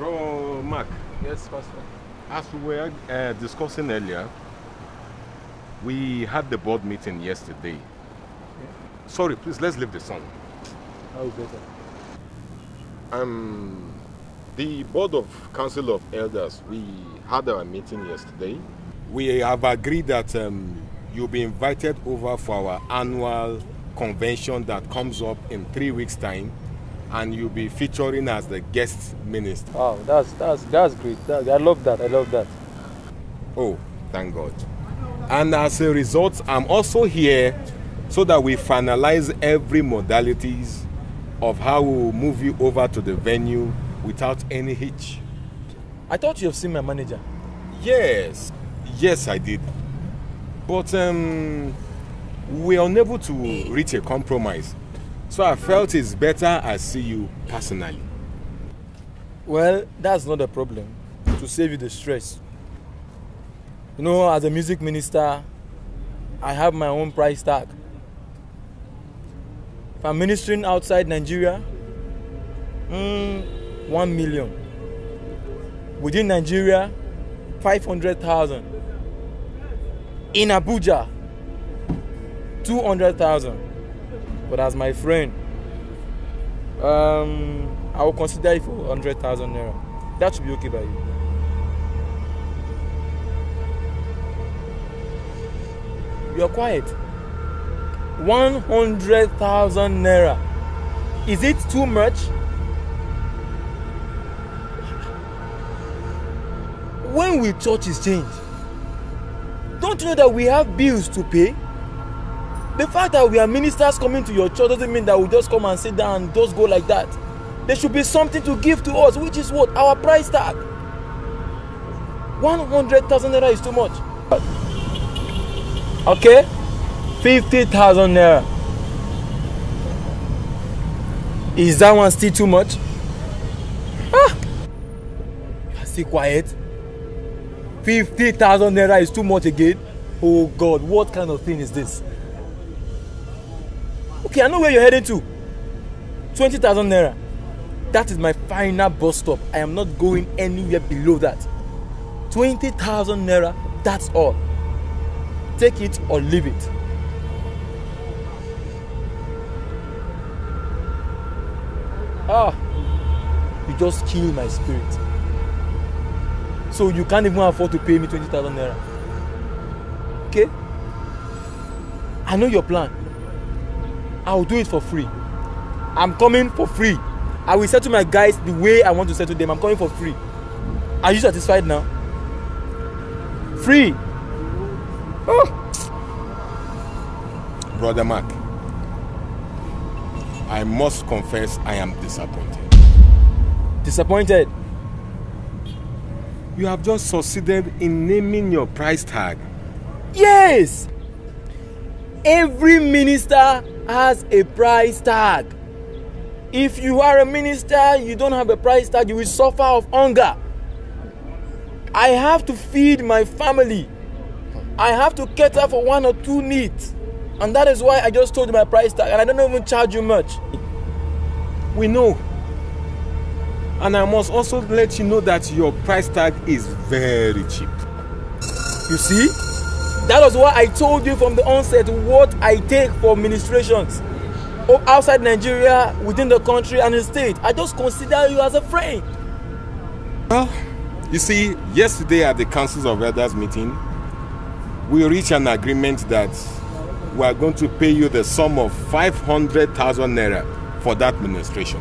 Bro, Mark. Yes, Pastor. As we were uh, discussing earlier, we had the board meeting yesterday. Yeah. Sorry, please, let's leave the song. Oh, better. Um, the Board of Council of Elders, we had our meeting yesterday. We have agreed that um, you'll be invited over for our annual convention that comes up in three weeks' time and you'll be featuring as the guest minister. Wow, that's that's that's great. That, I love that. I love that. Oh, thank God. And as a result, I'm also here so that we finalize every modalities of how we'll move you over to the venue without any hitch. I thought you have seen my manager. Yes, yes, I did. But um, we are unable to reach a compromise So I felt it's better I see you personally. Well, that's not a problem. To save you the stress. You know, as a music minister, I have my own price tag. If I'm ministering outside Nigeria, mm, 1 million. Within Nigeria, 500,000. In Abuja, 200,000 but as my friend um, I will consider it for hundred thousand naira that should be okay by you. you are quiet one hundred thousand naira is it too much when will churches change don't you know that we have bills to pay the fact that we are ministers coming to your church doesn't mean that we just come and sit down and just go like that there should be something to give to us which is what our price tag one hundred thousand naira is too much okay fifty thousand naira is that one still too much ah stay quiet fifty thousand naira is too much again oh god what kind of thing is this Okay, I know where you're heading to. 20,000 naira. That is my final bus stop. I am not going anywhere below that. 20,000 naira, that's all. Take it or leave it. Ah, you just kill my spirit. So you can't even afford to pay me 20,000 naira. Okay? I know your plan. I will do it for free. I'm coming for free. I will settle my guys the way I want to settle them. I'm coming for free. Are you satisfied now? Free. Oh. Brother Mark, I must confess I am disappointed. Disappointed? You have just succeeded in naming your price tag. Yes! Every minister has a price tag. If you are a minister, you don't have a price tag, you will suffer of hunger. I have to feed my family. I have to cater for one or two needs. And that is why I just told you my price tag, and I don't even charge you much. We know. And I must also let you know that your price tag is very cheap. You see? That was why I told you from the onset what I take for ministrations outside Nigeria, within the country, and the state. I just consider you as a friend. Well, you see, yesterday at the Councils of Elders meeting, we reached an agreement that we are going to pay you the sum of 500,000 naira for that ministration.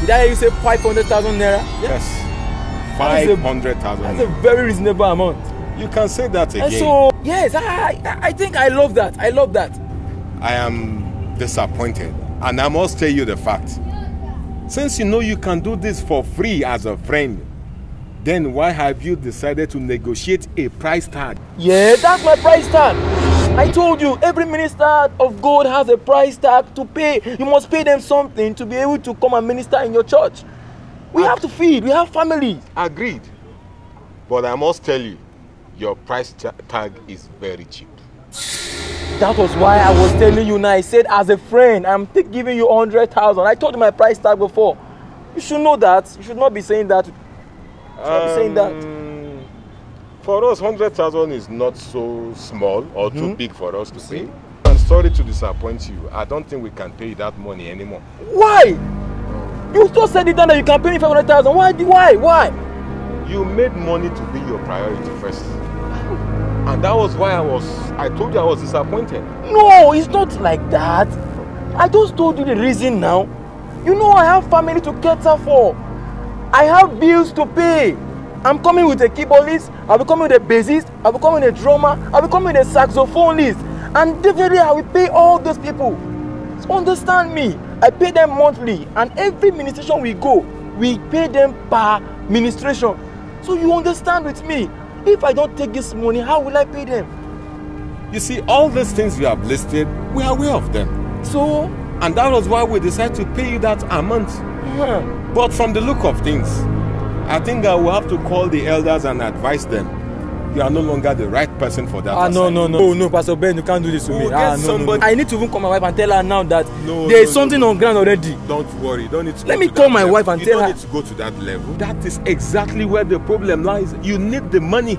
Did I hear you say 500,000 naira? Yes. yes. 500,000. That's a very reasonable amount. You can say that uh, again. And so, yes, I, I think I love that. I love that. I am disappointed. And I must tell you the fact. Since you know you can do this for free as a friend, then why have you decided to negotiate a price tag? Yeah, that's my price tag. I told you, every minister of God has a price tag to pay. You must pay them something to be able to come and minister in your church. We have to feed, we have families. Agreed. But I must tell you, your price tag is very cheap. That was why I was telling you now. I said, as a friend, I'm giving you 100,000. I told you my price tag before. You should know that. You should not be saying that. You should um, not be saying that. Um, for us, 100,000 is not so small or too hmm? big for us to See? pay. I'm sorry to disappoint you. I don't think we can pay that money anymore. Why? You still said it down that you can pay me 500,000. Why? Why? Why? You made money to be your priority first. And that was why I was, I told you I was disappointed. No, it's not like that. I just told you the reason now. You know I have family to cater for. I have bills to pay. I'm coming with a keyboardist, I'll be coming with a bassist, I'll be coming with a drummer, I'll be coming with a saxophonist. And definitely I will pay all those people. So understand me. I pay them monthly and every ministration we go, we pay them per ministration. So you understand with me. If I don't take this money, how will I pay them? You see, all these things you have listed, we are aware of them. So? And that was why we decided to pay you that amount. Yeah. But from the look of things, I think I will have to call the elders and advise them you are no longer the right person for that. Ah, assignment. no, no, oh, no. Oh, no, Pastor Ben, you can't do this to oh, me. Ah, no, somebody... no, no. I need to even call my wife and tell her now that no, there is no, something no. on ground already. Don't worry. don't need to Let me to call my level. wife and you tell her. You don't need to go to that level. That is exactly where the problem lies. You need the money.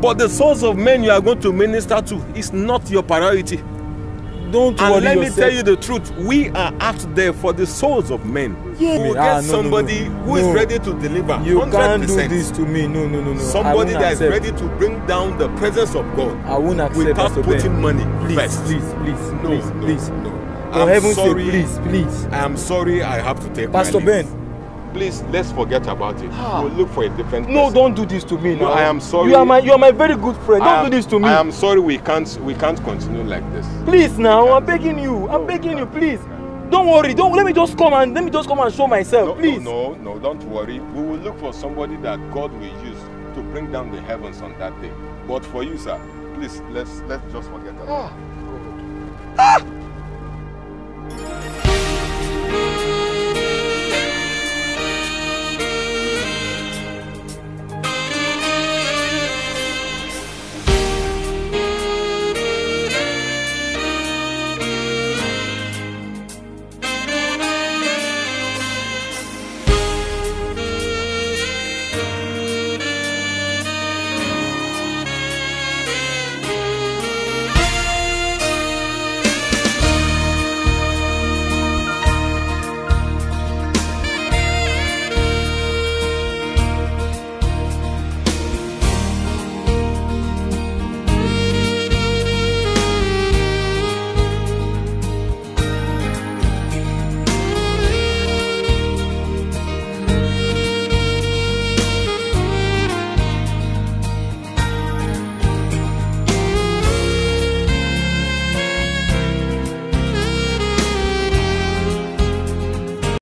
But the souls of men you are going to minister to is not your priority don't and worry yourself. let me tell you the truth. We are out there for the souls of men. Yeah. We ah, get no, somebody no, no. who is ready to deliver. You 100%. can't do this to me. No, no, no, no. Somebody that accept. is ready to bring down the presence of God. I won't accept. Without putting ben. money please, first. Please, please, no, please, no, please. No. For I'm heaven's sorry. sake, please, please. I'm sorry. I have to take. Pastor Ben. Leave. Please, let's forget about it. Ah. We'll look for a different No, don't do this to me. No, no, I am sorry. You are my, you are my very good friend. Don't am, do this to me. I am sorry. We can't, we can't continue like this. Please now, I'm begging you. I'm begging you, please. Don't worry. Don't let me just come and let me just come and show myself, no, please. No, no, no, don't worry. We will look for somebody that God will use to bring down the heavens on that day. But for you, sir, please let's let's just forget about ah. it. Ah! ah!